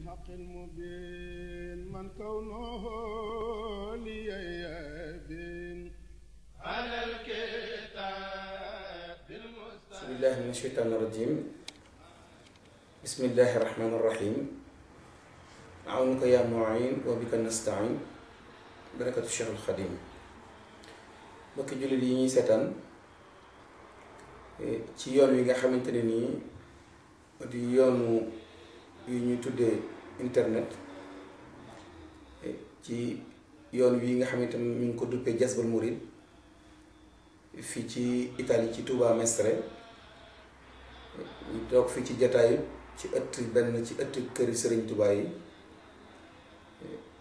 بالحق المبين من كونه ليبين على الكتاب بسم الله من الشيطان الرجيم بسم الله الرحمن الرحيم عونك يا معين وبك نستعين بركة الشيخ الخديم mbokki jullit yi ñuy seetaan ci yoon wi nga xamante ne nii di yoonu yu ñuy tuddee internet eh, ci yoon wi nga xamante ni ñu ngi ko duppee Jazbul Murid fii ci Italie ci Touba Mestre ñu toog fii ci jataayu ci ëtt benn ci ëtt këri sëriñ Touba yi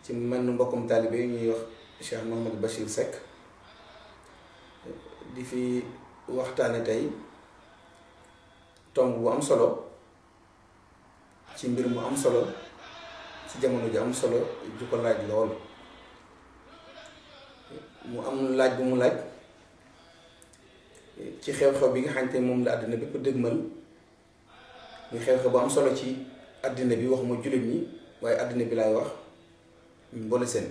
ci mel ni mbokkum taalibe yi ñuy wax Cheikh Mouhamadou Bachir Seck di fi waxtaane tey tomb bu am solo ci mbir mu am solo ci jamono ji am solo ju ko laaj lool mu am laaj bu mu laaj ci xew-xew bi nga xamante ne moom la àddina bépp dëgmal ñu xew-xew bu am solo ci àddina bi waxuma ma jullit ñi waaye àddina bi laay wax ñu boole seen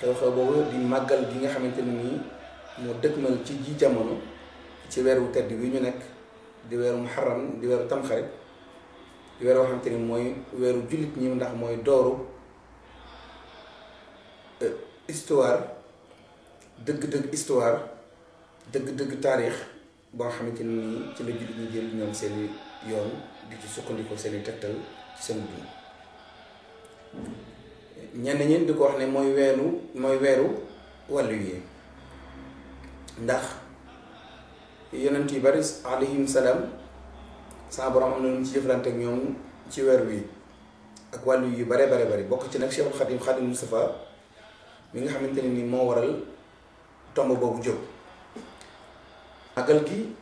xew-xew boobu di màggal gi nga xamante ni nii moo dëgmal ci ji jamono ci weeru tedd wi ñu nekk di weeru muharram di weeru tamxarit weer woo xamante mooy weeru jullit ñi ndax mooy dooru euh, histoire dëgg-dëgg histoire dëgg-dëgg taarix boo xamante ni ci la jullit ñi jël ñoom seeni yoon di ci sukkandiku seeni tegtal ci seen dund ñenn ñi di ko wax ne mooy weeru mooy weeru wàllu yi ndax yonent yu bari alayhim salaam saa borom am na lu ci jëflante ñoom ci weer wi ak wàllu yu bare bare bari bokk ci nag Cheikhul Khadim Khadim Moustapha mi nga xamante ne ni moo waral tomb boobu jóg magal gi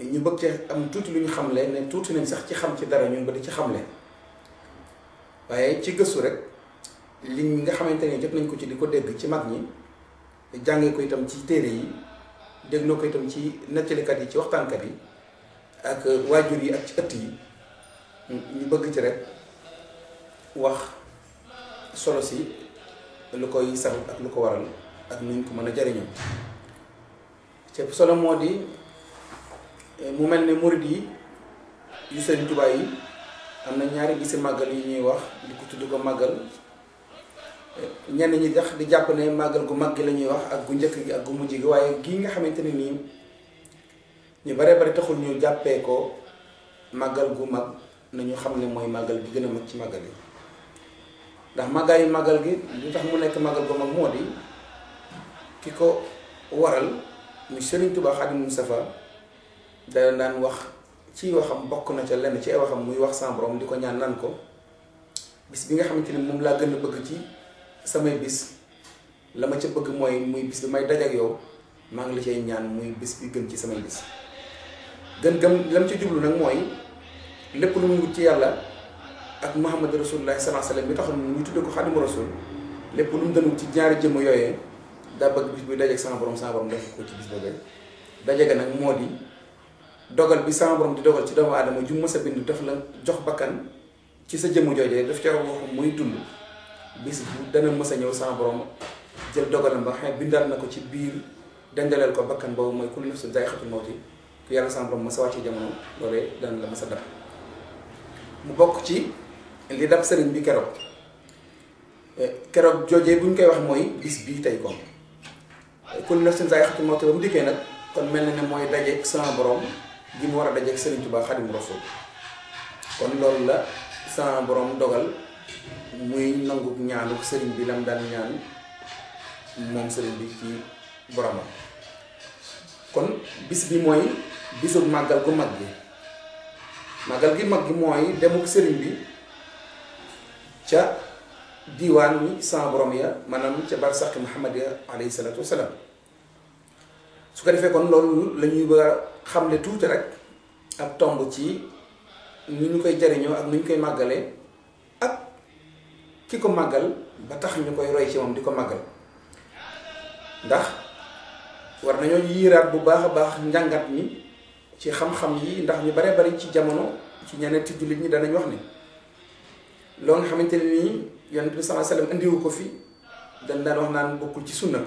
ñu bëgg ci am tuuti lu ñu xamle ne tuuti nañ sax ci xam ci dara ñun ba ci xamle waaye ci gëstu rek li nga xamante ne jot nañ ko ci di ko dégg ci mag ñi jàngee ko itam ci téere yi dégloo ko itam ci nettalikat yi ci waxtaankat yi ak waajur yi ak ci ëtt yi ñu bëgg ci rek wax solo si lu koy sabab ak lu ko waral ak nuñ ko mën a jariñoo ci solo moo di mu mel ni murid yi yu seen Tuubaa yi am na ñaari gisi màggal yu ñuy wax di ko tudd ko màggal ñenn ñi tax di jàpp ne màggal gu mag gi la ñuy wax ak gu njëkk gi ak gu mujj gi waaye gii nga xamante ne nii ñu bare bari taxul ñu jàppee ko màggal gu mag na ñu xam ne mooy màggal bi gën a mag ci màggal yi ndax màggal yi màggal gi lu tax mu nekk màggal gu mag moo di ki ko waral mu Sëriñ Tuubaa Xaadimu Mustafaa dana daan wax ci waxam bokk na ca lenn ci ay muy wax sama borom di ko ñaan naan ko bis bi nga xamante ni moom laa gën a bëgg ci samay bis la ma ca bëgg mooy muy bis bi may daj ak yow maa ngi la cay ñaan muy bis bi gën ci samay bis gën gëm lam ci jublu nag mooy lépp lu mu wut ci yàlla ak Muhammad rasulullah sallallahu alayhi wasallam mi taxoon ñu tuddee ko xaadimu rasul lépp lu mu dënu ci ñaari jëmm yooyee daa bëgg bis bi dajeeg sama borom ko ci bis boobee daje nag moo di dogal bi sama borom di dogal ci doomu aadama ju mës a bind daf la jox bakkan ci sa jëmm joojee daf ca wax muy dund bis bu dana mës ñëw sama borom jël dogalam ba xam ne bindaat na ko ci biir denjaleel ko bakkan boobu mooy kullu nafsin moo mawti ku yàlla san borom mos a wàccee jamono loolee dana la mos sa dab mu bokk ci li dab sëriñ bi keroog eh, keroog joojee buñ koy wax mooy bis bii tey kon eh, kon nafsin zaa'iqatul mawt nag kon mel na ne mooy dajeeg sama borom gi mu war a dajeeg sëriñ Tuubaa Xaadimu Rasuul kon loolu la sama borom dogal muy nangu ñaanu sëriñ bi lam daan ñaan moom sëriñ bi ci boromam kon bis bi mooy bisub màggal gu mag gi màggal gi mag gi mooy demuk sëriñ bi ca diwaan wi sama borom ya maanaam ca barsaqi Muhammad ya alayhi salaatu wasalaam su ko defee kon loolu lañuy la a xam xamle tuuti rek ab tomb ci ni ñu koy jariñoo ak ni ñu koy màggalee ak ki ko màggal ba tax ñu koy roy ci moom di ko màggal ndax war nañoo yiiraat bu baax a baax njàngat mi ci xam-xam yi ndax ñu bare bari ci jamono ci ñeneenti jullit ñi danañ wax ne loolu xamante ne nii yonent bi sallallahu alayhi indiwu ko fi dañ daan wax naan bokkul ci sunna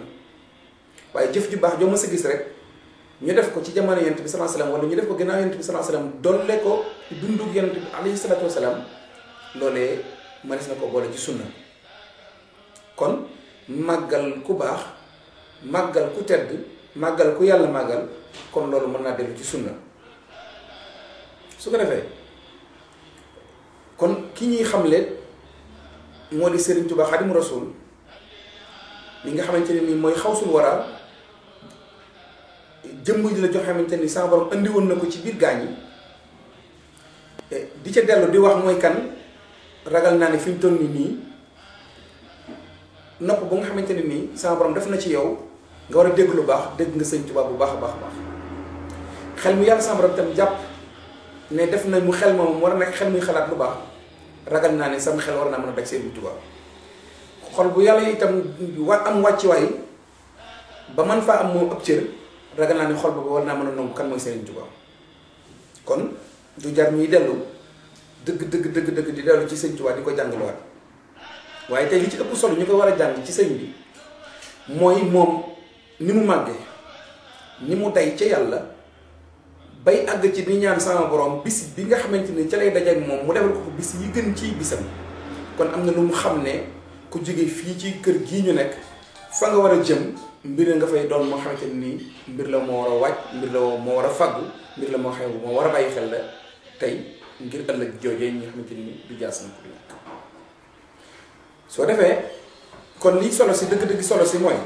waaye jëf ju baax joo mës a gis rek ñu def ko ci jamono yonent bi sallallahu alayhi wasallam wala ñu def ko ginnaaw yonent bi sallallahu alayhi wasallam dolle ko dundug yonent bi alayhi salatu wasallam loolee mënees na ko boole ci sunna kon màggal ku baax màggal ku tedd màggal ku yàlla màggal kon loolu mën naa dellu ci sunna su ko defee kon ki ñuy xamle moo di Serigne Touba Xadimu Rasul li nga xamante ne nii mooy xawsul waraal jëmm ji la jox xamante ni sama borom andi woon na ko ci biir gaañ yi eh, di ca dellu di wax mooy kan ragal naa ne fi mu toll nii nii nopp bu nga xamante ne nii sama borom def na ci yow nga war a dégg lu baax dégg nga sëñ tubaab bu baax a baax a baax xel mu yàlla sama borom tam jàpp. ne def na mu xel moom war nekk xel muy xalaat lu baax ragal naa ne sama xel war naa mën a daj seen tubaab xol bu yàlla yi itam war am wàcc wàccuwaay ba man faa am moo ëpp cër ragal naa ne xol boobu war naa mën a nangu kan mooy seen Touba kon du jar ñuy dellu dëgg dëgg dëgg dëgg di dellu ci sëñ Touba di ko jàngalewaat waaye tey li ci ëpp solo ñu ko war a jàng ci sëñ bi mooy moom ni mu màggee ni mu day ca yàlla. bay àgg ci di ñaan sama borom bis bi nga xamante ni ca lay dajeeg moom mu defal ko ko bis yi gën ci bisam kon am na lu mu xam ne ku jóge fii ci kër gii ñu nekk fa nga war a jëm mbir nga fay doon moo xamante ni mbir la moo war a waaj mbir la a faggu mbir la moo war a bàyyi xel la tey ngir ëllëg joojee ñi xamante ni du jaas na ko ñàkk soo defee kon liy solo si dëgg-dëgg solo si mooy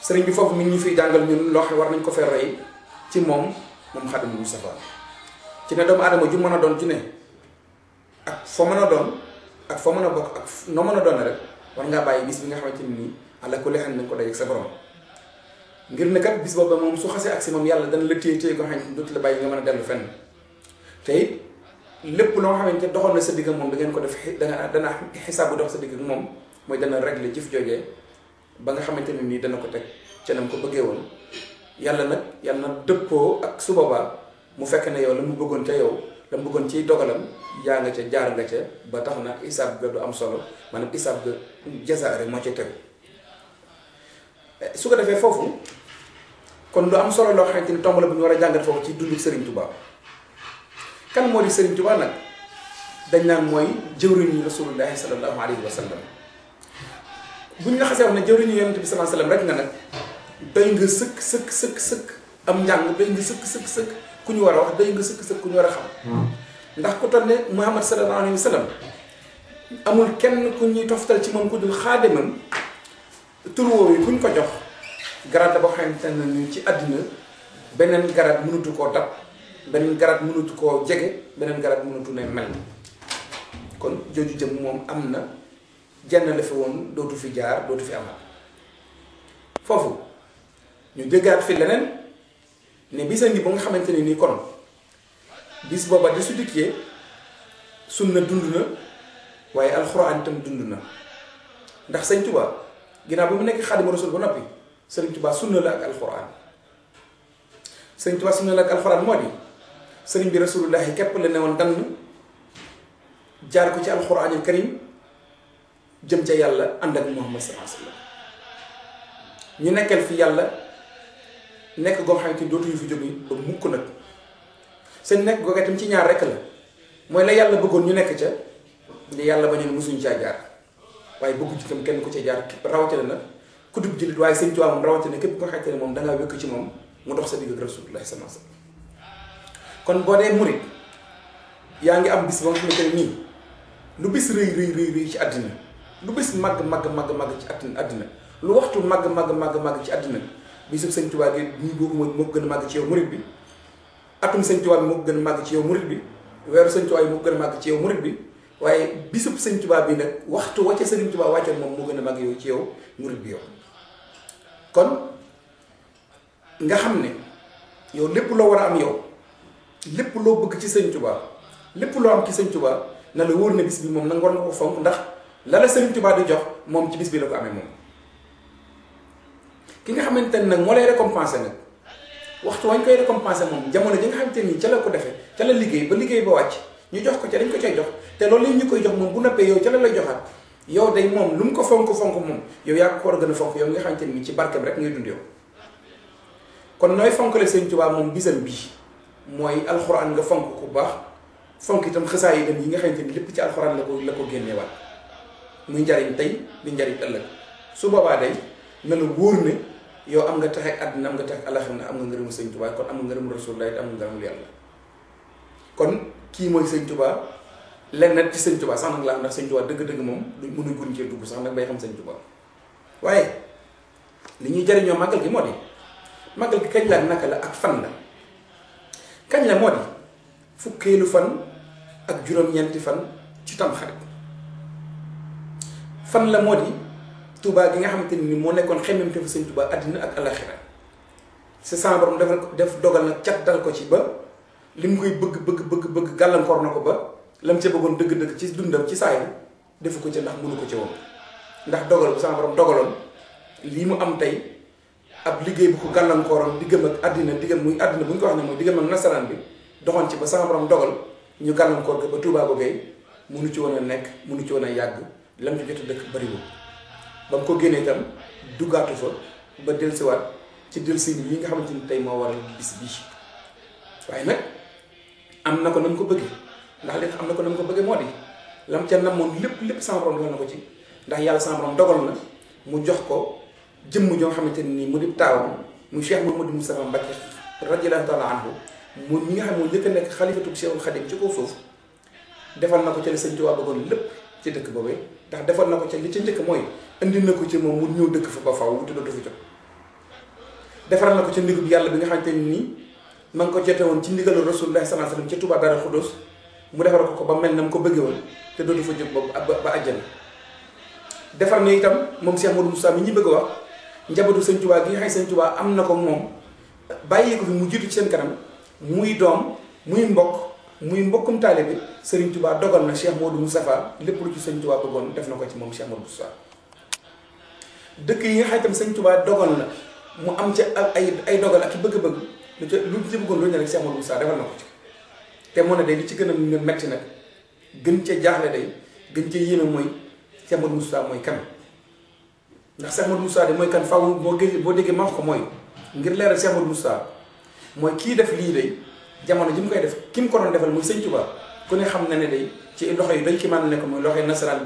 sëriñ bi foofu mi ñu fi jàngal ñu loo xam war nañ ko fee roy ci moom moom xadim Moustapha ci ne doomu aadama ju mën a doon ci ne ak foo mën a doon ak foo mën a bokk ak noo mën a doon rek war ngaa bàyyi gis bi nga xamante ne nii àlla ku leexal ko day ak sa borom ngir ne kat bis boobu moom su xasee ak si moom yàlla dana la téye téye ko xam ne dootu la nga mën a dellu fenn te lépp loo xamante ne doxoon sa digg moom da ngeen ko def xi dana dana xisaabu dox sa digg moom mooy dana régler jëf joojee ba nga xamante ne nii dana ko teg ca nam ko bëggee woon yàlla nag yàlla na dëppoo ak su boobaa mu fekk ne yow la mu bëggoon ca yow la mu bëggoon ciy dogalam yaa nga ca jaar nga ca ba tax na isaab ga du am solo maanaam isaab ga jaza rek moo ci tegu eh, su ko defee foofu kon lu am solo loo xamante ni tomb la bu ñu war a jàngat foofu ci dundu sëriñ Touba kan moo di Serigne Touba nag dañ naan mooy jëwriñu rasulullahi sallallahu alayhi wa sallam buñ la wax ne jëwriñu yonent bi sallallahu alayhi wa rek nga nag. doy nga sëkk sëkk sëkk sëkk am njàng doy nga sëkk sëkk ku ñu war a wax doy nga sëkk sëkk ku ñu war a xam hmm. ndax ku toll ne Muhammad sallallahu alayhi amul kenn ku ñuy toftal ci moom ku dul xaadimam tur woowu ku ñu ko jox garab la boo xamante ne nii ci àddina beneen garab mënatu koo dab beneen garab mënatu koo jege beneen garab mënatu ne mel kon jooju jëm moom am na jenn la fi woon dootu fi jaar dootu fi amal foofu ñu déggaat fi leneen ne bisa ngi ba nga xamante ne nii kon bis booba de su dikkee sunna dund na waaye alxuraan itam dund na ndax sëñ Tuubaa ginnaaw bi mu nekk xaadimu rasul ba noppi sëriñ Tuubaa sunna la ak alxuraan sëriñ Tuubaa sunna la ak alxuraan moo di sëriñ bi rasulullahi képp la ne woon dann jaar ko ci alxuraanul këriñ jëm ca yàlla ànd ak Muhammad sallallahu alayhi wasallam ñu nekkal fi yàlla nekk goo xam ne dootuñu fi jógee ba mukk nag seen nekk googee tam ci ñaar rek la mooy la yàlla bëggoon ñu nekk ca yàlla bañoon mosuñu caa jaar waaye bëggu ci tam kenn ku ca jaar rawatina nag ku dub jullit waaye sëñ Tuubaa moom képp ko moom da ngaa moom mu dox sa digg ak Rasulullah sallallahu kon boo dee yaa ngi am nii lu bis rëy rëy rëy ci àddina lu bis màgg màgg màgg màgg ci àddina lu waxtu màgg màgg màgg màgg ci àddina bisub sëñ Tuubaa gi ñuy boobu moo moo gën a màgg ci yow murit bi atum sëñ Tuubaa bi moo gën a màgg ci yow murit bi weeru sëñ Tuubaa bi màgg ci yow murit bi waaye bisub sëñ Tuubaa bi nag waxtu wacca sëñ Tuubaa wàccoon moom moo gën a màgg yow ci yaw murit bi yow kon nga xam ne yow lépp loo war a am yow lépp loo bëgg ci sëñ Tuubaa lépp loo am ci sëñ Tuubaa na la wóor na bis bi moom nanga war na ko fonk ndax la la sëñ Tuubaa di jox moom ci bis bi la ko amee moom ki nga xamante ne nag moo lay récompenser nag waxtu wañ koy récompenser moom jamono ji nga xamante ni ca la ko defee ca la liggéey ba liggéey ba wàcc ñu jox ko ca dañ ko jox te loolu ñu koy jox moom bu noppee yow ca la lay joxaat yow day moom lu mu ko fonk fonk moom yow yaa ko war a gën a fonk yow nga xamante ni ci barke bi rek ngay dund yow kon nooy fonk fonkale Sëñ Tuubaa moom bisam bii mooy alxuraan nga fonk ku baax fonk itam xësaa yi dem yi nga xamante ni lépp ci alxuraan la la ko génneewaat muy njariñ tey di njariñ ëllëg su boobaa day na la wóor yow am nga taxe àddina am nga taxe àlla xam ne am nga ngërëmu sëñ tubaa kon am nga ngërëmu rasulullah te am nga ngërëmul yàlla kon kii mooy sëñ lenn nag ci sëñ tubaa sax nag laa am ndax sëñ dëgg-dëgg moom duñ mënu gun cee dugg sax nag bay xam sëñ tubaa waaye li ñuy jariñoo màggal gi moo di màggal gi kañ la naka la ak fan la kañ la moo di fukkeelu fan ak juróom-ñeenti fan ci tamxarit fan la moo di tubaa gi nga xamante ni moo nekkoon xemmem te fu sëñ Touba àddina ak alaxira sa sama ko def dogal nag cat dal ko ci ba li mu koy bëgg bëgg bëgg bëgg gàllankoor na ko ba lam ca bëggoon dëgg-dëgg ci dundam ci saa yi defu ko ca ndax mënu ko ca woon ndax dogal bu dogaloon lii mu am tey ab liggéey bu ko gàllankooroon diggam ak àddina diggam muy àddina bu ñu ko wax ne mooy diggam ak nasaraan bi doxoon ci ba sama borom dogal ñu gàllankoor ko ba Touba googee mënu ci woon nekk mënu ci woon a yàgg lam ci jot a ba mu ko génnee itam duggaatu fa ba dellusiwaat ci dellusi yi nga xamante ni tey moo waral bis bii waaye nag am na ko na mu ko bëggee ndax li am na ko na mu ko bëggee moo di lam ca namoon lépp lépp sama borom dogal na ko ci ndax yàlla sama borom dogal na mu jox ko jëmm ñoo xamante ni mu di taawam mu Cheikh Mouhamadou Moustapha Mbacké radiyallahu taala anhu moom mi nga xam moo njëkk a nekk xalifatub Cheikhul Khadim ci kaw suuf defal na ko ca li Sëñ Tuubaa lépp ci dëkk boobee ndax defal na ko ca li ca njëkk mooy indi na ko ci moom mu ñëw dëkk fa ba faw wuti dootu fi jot defaral na ko ci ndigub yàlla bi nga xamante ne nii ma ngi ko jotee woon ci ndigalu rasulullah sallallahu alayhi wasallam ca Tuubaa Daaru Xudoos mu defar ko ko ba mel na mu ko bëggee woon te dootu fa jóg ba ba àjjana defar na itam moom Cheikh Modou Moussa mi ñu bëgg a wax njabootu Sëñ Tuubaa gi nga xam Sëñ Tuubaa am na ko moom bàyyi ko fi mu jiitu ci seen kanam muy doom muy mbokk muy mbokkum taalibe Sëriñ Tuubaa dogal na Cheikh Modou Moustapha lépp lu ci Sëñ Tuubaa bëggoon def na ko ci moom Cheikh Modou dëkk yi nga xam itam sëñ tubaa dogal na mu am ca ay ay dogal ak i bëgg-bëgg lu ca lu ci bëggoon lu ne rek Cheikh Modou Moussa defal na ko ci te moo ne day li ci gën a metti nag gën ca jaaxle day gën ci yéeme mooy Cheikh Modou Moussa mooy kan ndax Cheikh Modou Moussa de mooy kan faaw boo gë boo déggee ma ko mooy ngir leeral Cheikh Modou Moussa mooy kii def lii day jamono ji mu koy def ki mu ko doon defal muy sëñ Tuubaa ku ne xam na ne day ci loxo yi dañ ki mën ne ko mooy loxo yi nasaraan